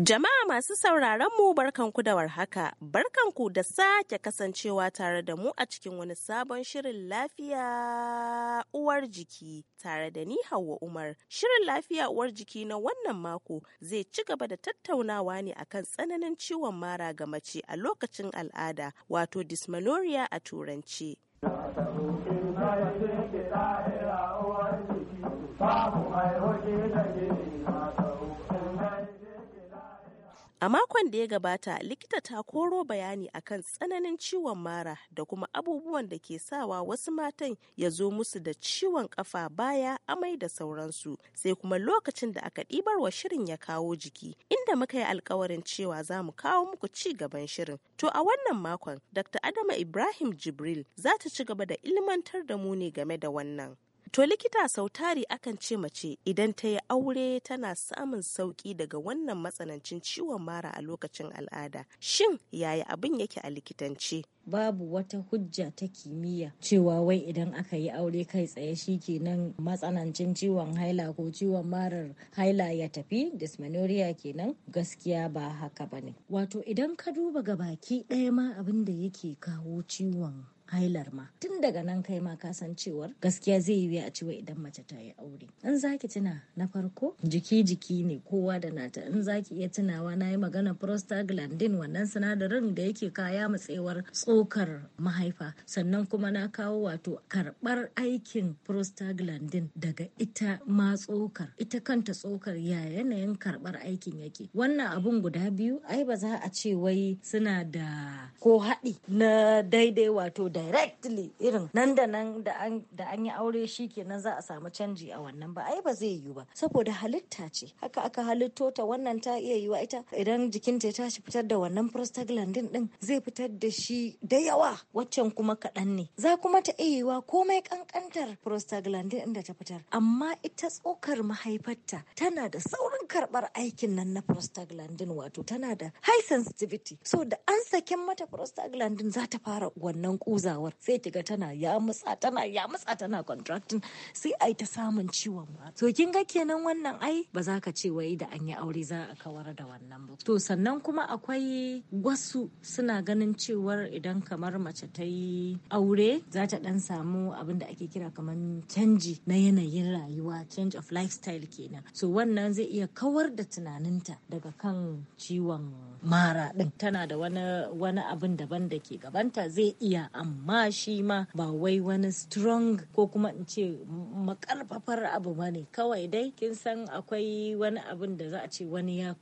Jama'a masu sauraron mu barkanku da warhaka, barkanku da sake kasancewa tare da mu a cikin wani sabon shirin lafiya uwar jiki tare da ni Hauwa Umar. Shirin lafiya uwar jiki na wannan mako zai ci gaba da tattaunawa ne akan tsananin ciwon mara ga mace a lokacin al'ada, wato dysmenorrhea a turanci. Babu mai da A makon da ya gabata, likita ta koro bayani akan tsananin ciwon mara da kuma abubuwan da ke sawa wasu matan ya zo musu da ciwon kafa baya, amai da sauransu, sai kuma lokacin da aka ɗibar wa shirin ya kawo jiki, inda muka yi alkawarin cewa za mu kawo muku ci gaban shirin. To a wannan makon, Dr. Adama Ibrahim Jibril za ta ci gaba da ilmantar da mu ne game da wannan. To likita sautari akan ce mace idan ta yi aure tana samun sauki daga wannan matsanancin ciwon mara a lokacin al'ada. Shin yaya abin yake a likitance? Babu wata hujja ta kimiyya cewa wai idan aka yi aure kai tsaye shi kenan matsanancin ciwon haila ko ciwon marar haila ya tafi dysmenorrhea kenan gaskiya ba haka ba ne. Wato idan ka duba ga baki ɗaya ma abin da yake kawo ciwon hailar ma tun daga nan kai ma ka san cewar gaskiya zai yi a cewa idan mace ta yi aure in zaki tuna na farko jiki jiki ne kowa da nata in zaki iya tunawa na yi magana prostaglandin wannan sinadarin da yake kaya matsewar tsokar mahaifa sannan kuma na kawo wato karbar aikin prostaglandin daga ita ma tsokar ita kanta tsokar ya yanayin karbar aikin yake wannan abun guda biyu ai ba za a ce wai suna da ko haɗi na daidai wato directly irin nan da nan da an yi aure shi kenan za a samu canji a wannan ba ai ba zai yiwu ba saboda halitta ce haka aka halitto ta wannan ta iya yiwa ita idan jikinta ya tashi fitar da wannan prostaglandin din zai fitar da shi da yawa waccan kuma kaɗan ne za kuma ta iya yiwa komai kankantar prostaglandin inda ta fitar amma ita tsokar mahaifarta tana da saurin karɓar aikin nan na prostaglandin wato tana da high sensitivity so da an sakin mata prostaglandin za ta fara wannan kuza gazawar sai kiga tana ya mutsa tana ya mutsa tana contracting sai ai ta samun ciwon ma to kin ga kenan wannan ai ba za ka ce wai da an yi aure za a kawar da wannan ba to sannan kuma akwai wasu suna ganin cewar idan kamar mace ta yi aure za ta dan samu abin da ake kira kamar canji na yanayin rayuwa change of lifestyle kenan so wannan zai iya kawar da tunaninta daga kan ciwon mara din tana da wani abin daban da ke gabanta zai iya am. amma shi ma ba wai wani strong ko kuma in ce makarfafar abu ba ne kawai dai kin san akwai wani abin da za a ce wani ya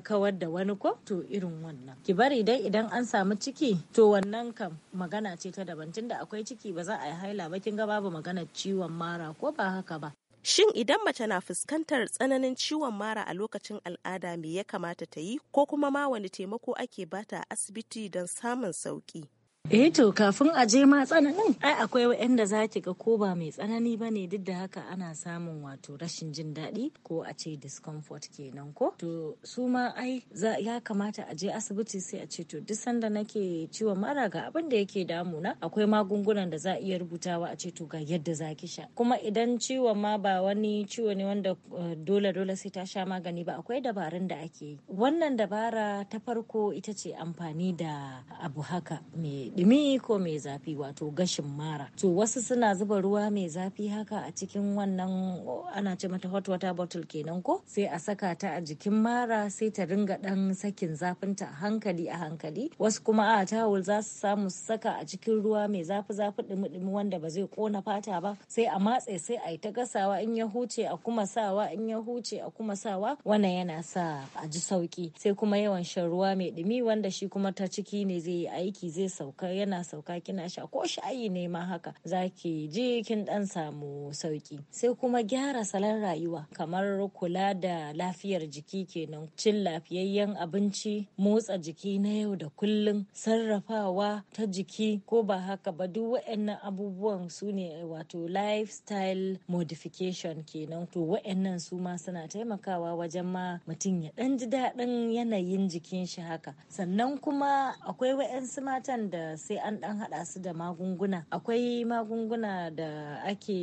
kawar da wani ko to irin wannan ki bari dai idan an samu ciki to wannan kam magana ce ta daban tunda akwai ciki ba za a yi haila ba kin ga babu magana ciwon mara ko ba haka ba Shin idan mace na fuskantar tsananin ciwon mara a lokacin al'ada me ya kamata ta yi ko kuma ma wani taimako ake bata a asibiti don samun sauki? Eh to kafin a je ma tsananin ai akwai waɗanda za ki ga ko ba mai tsanani ba ne duk da haka ana samun wato rashin jin daɗi ko a ce discomfort kenan ko. To su ma ai ya kamata a je asibiti sai a ce to duk sanda nake ciwon mara ga abin da yake damuna akwai magungunan da za a iya rubutawa a ce to ga yadda za ki sha. Kuma idan ciwon ma ba wani ciwo ne wanda eh, dole dole sai ta sha magani ba akwai dabarun da ake yi. Wannan dabara ta farko ita ce amfani da abu haka mai dumi ko mai zafi wato gashin mara to wasu suna zuba ruwa mai zafi haka a cikin wannan ana ce mata hot water bottle kenan ko sai a saka ta a jikin mara sai ta ringa ɗan sakin zafin ta hankali a hankali wasu kuma a tawul za su samu su saka a cikin ruwa mai zafi zafi ɗumi ɗumi wanda ba zai kona fata ba sai a matse sai a yi ta gasawa in ya huce a kuma sawa in ya huce a kuma sawa wannan yana sa a ji sauki sai kuma yawan shan ruwa mai ɗimi wanda shi kuma ta ciki ne zai yi aiki zai sauka yana sauka kina sha ko shayi ne ma haka zaki ji kin dan samu sauki sai kuma gyara salon rayuwa kamar kula da lafiyar jiki kenan cin lafiyayyen abinci motsa jiki na yau da kullun. sarrafawa ta jiki ko ba haka ba duk waɗannan abubuwan su ne wato lifestyle modification kenan to waɗannan su ma suna taimakawa wajen ma mutum ya ɗan ji daɗin yanayin jikin shi haka sannan kuma akwai waɗansu matan da sai an dan hada su da magunguna akwai magunguna da ake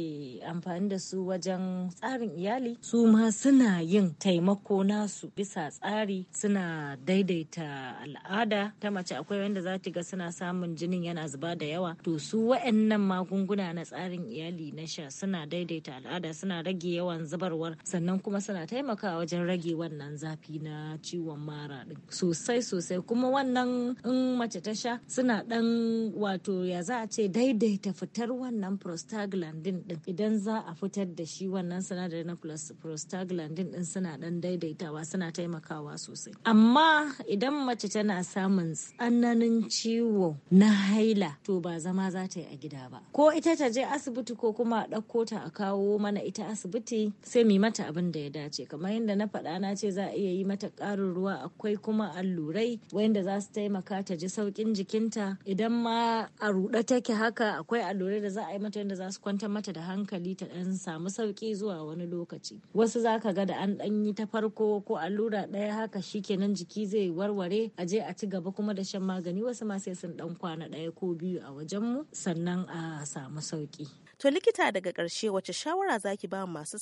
amfani da su wajen tsarin iyali su ma suna yin taimako nasu bisa tsari suna daidaita al'ada ta mace akwai wanda za ga suna samun jinin yana zuba da yawa to su wa'annan magunguna na tsarin iyali na sha suna daidaita al'ada suna rage yawan zubarwar sannan kuma suna taimakawa wajen rage wannan zafi na ciwon mara din sosai sosai kuma wannan in mace ta sha suna dan wato ya za a ce daidaita fitar wannan prostaglandin din idan za a fitar da shi wannan sinadari na prostaglandin din suna dan daidaitawa suna taimakawa sosai amma idan mace tana samun tsananin ciwo na haila to ba zama za ta yi a gida ba ko ita ta je asibiti ko kuma a ɗauko ta a kawo mana ita asibiti sai mu mata abin da ya dace kamar yadda na faɗa na ce za a iya yi mata ƙarin ruwa akwai kuma allurai wanda za su taimaka ta ji sauƙin jikinta idan ma a ruɗe take haka akwai allurai da za a yi mata yadda za su kwantar mata da hankali ta ɗan samu sauƙi zuwa wani lokaci wasu za ka ga da an ɗan yi ta farko ko allura ɗaya haka shi shikenan jiki zai warware a je a ci gaba kuma da shan magani wasu ma sai sun ɗan kwana ɗaya ko biyu a wajen mu sannan a samu sauƙi. To likita daga karshe wace shawara zaki ki ba masu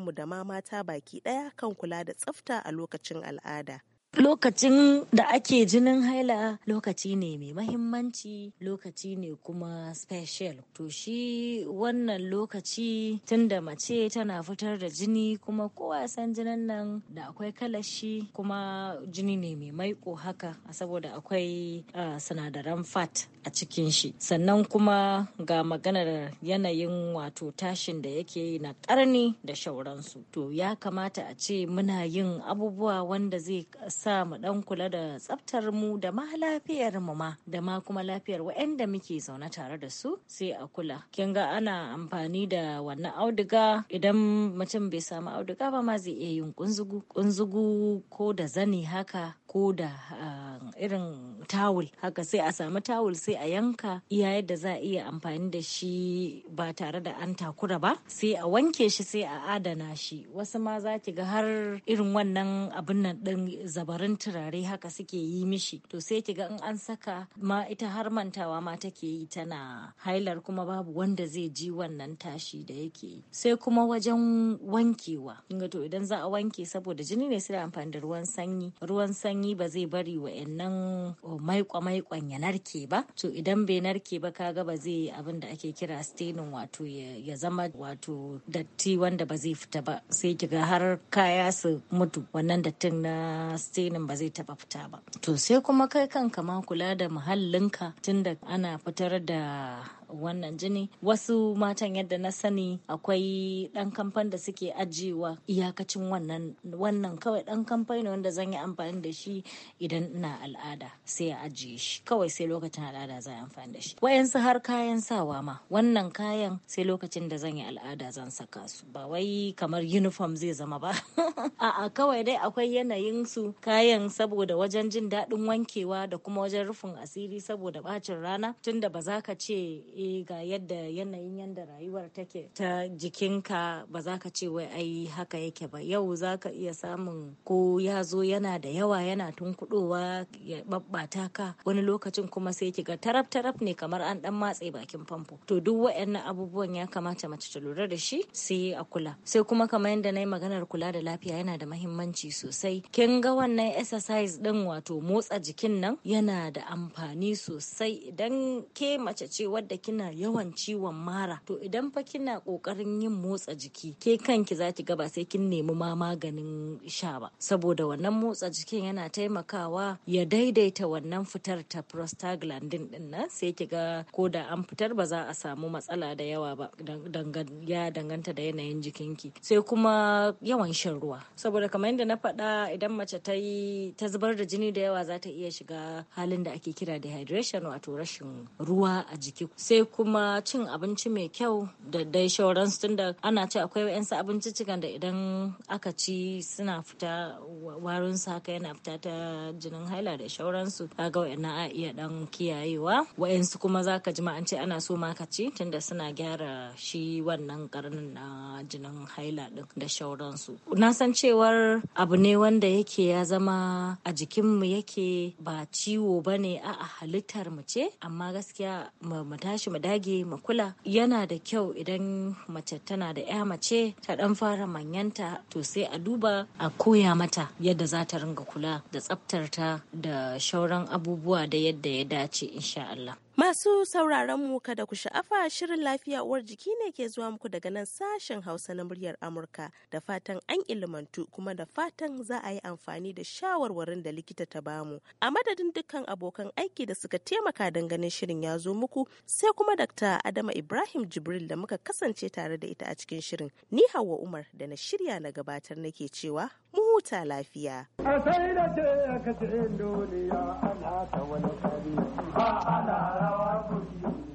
mu da ma mata baki ɗaya kan kula da tsafta a lokacin al'ada? lokacin da ake jinin haila lokaci ne mai mahimmanci lokaci ne kuma special to shi wannan lokaci tun da mace tana fitar da jini kuma kowa san jinin nan da akwai kalashi kuma jini ne mai maiko haka saboda akwai sinadaran fat a cikin shi sannan kuma ga maganar yanayin wato tashin da yake yi na karni da shauransu to ya kamata a ce muna yin abubuwa wanda zai sa mu dan kula da tsaftar mu da ma lafiyar mu ma da ma kuma lafiyar waɗanda muke zaune tare da su sai a kula kin ga ana amfani da wannan auduga idan mutum bai samu auduga ba ma zai iya yin kunzugu kunzugu ko da zani haka ko da ah, irin tawul haka sai a samu tawul sai a yanka iya yadda za a iya amfani da shi ba tare da an takura ba sai a wanke shi sai a adana shi wasu ma za ki ga har irin wannan abin nan din zabarin turare haka suke yi mishi to sai ki ga in an saka ma ita har mantawa ma take yi tana hailar kuma babu wanda zai ji wannan tashi da yake yi sai kuma wajen wankewa kinga to idan za a wanke saboda jini ne sai amfani da ruwan sanyi ruwan sanyi ba zai bari wa'annan wannan oh, maiko maikwan ya narke ba to idan bai narke ba kaga ba zai abin da ake kira staining wato ya zama wato datti wanda ba zai fita ba sai kiga har kaya su mutu wannan dattin na staining ba zai taba fita ba to sai kuma kai kanka ma kula da muhallinka tunda ana fitar da wannan jini wasu matan yadda na sani akwai ɗan kamfan da suke ajiyewa iyakacin wannan wannan kawai ɗan kamfan ne wanda zan yi amfani da shi idan ina al'ada sai a ajiye shi kawai sai lokacin al'ada zan yi amfani da shi wayansu har kayan sawa ma wannan kayan sai lokacin da zan yi al'ada zan saka su ba wai kamar uniform zai zama ba a'a kawai dai akwai yanayin su kayan saboda wajen jin daɗin wankewa da kuma wajen rufin asiri saboda bacin rana tunda ba za ka ce eh ga yadda yanayin yadda rayuwar take ta jikinka ba za ka ce wai ai haka yake ba yau za ka iya samun ko ya zo yana da yawa yana tunkuɗowa ya babbata ka wani lokacin kuma sai ki ga taraf taraf ne kamar an ɗan matse bakin famfo to duk waɗannan abubuwan ya kamata mace ta lura da shi sai a kula sai kuma kamar yadda na yi maganar kula da lafiya yana da mahimmanci sosai kin ga wannan exercise din wato motsa jikin nan yana da amfani sosai idan ke mace ce wadda kina yawan ciwon mara to idan fa kina kokarin yin motsa jiki ke kanki za ki ga sai kin nemi ma maganin sha ba saboda wannan motsa jikin yana taimakawa ya daidaita wannan fitar ta prostaglandin din sai ki ga ko da an fitar ba za a samu matsala da yawa ba ya danganta da yanayin jikinki sai kuma yawan shan ruwa saboda kamar yadda na faɗa idan mace ta yi ta zubar da jini da yawa za ta iya shiga halin da ake kira dehydration wato rashin ruwa a jiki sai sai kuma cin abinci mai kyau da dai shauransu tunda ana ce akwai wa'yansu cikin da idan aka ci suna fita warin su haka yana fita ta jinin haila da shauransu kaga wa'yannan a iya dan kiyayewa wa'yansu kuma zaka ji ma an ce ana so ma ka ci tunda suna gyara shi wannan karnin na jinin haila din da shauransu na san cewar abu ne wanda yake ya zama a jikinmu yake ba ciwo bane a halittar mu ce amma gaskiya mu tashi mu dage mu kula yana da kyau idan mace tana da ya mace ta dan fara manyanta to sai a duba a koya mata yadda za ta ringa kula da tsaftarta da shauran abubuwa da yadda ya dace insha Allah Masu sauraron mu kada ku sha'afa shirin lafiya uwar jiki ne ke zuwa muku daga nan sashen Hausa na muryar Amurka da fatan an ilmantu kuma da fatan za a yi amfani da shawarwarin da likita ta bamu. A madadin dukkan abokan aiki da suka taimaka don ganin shirin ya zo muku sai kuma dakta Adama Ibrahim Jibril da muka kasance tare da ita a cikin shirin. Ni Hauwa Umar da na shirya na gabatar nake cewa huta lafiya. A ta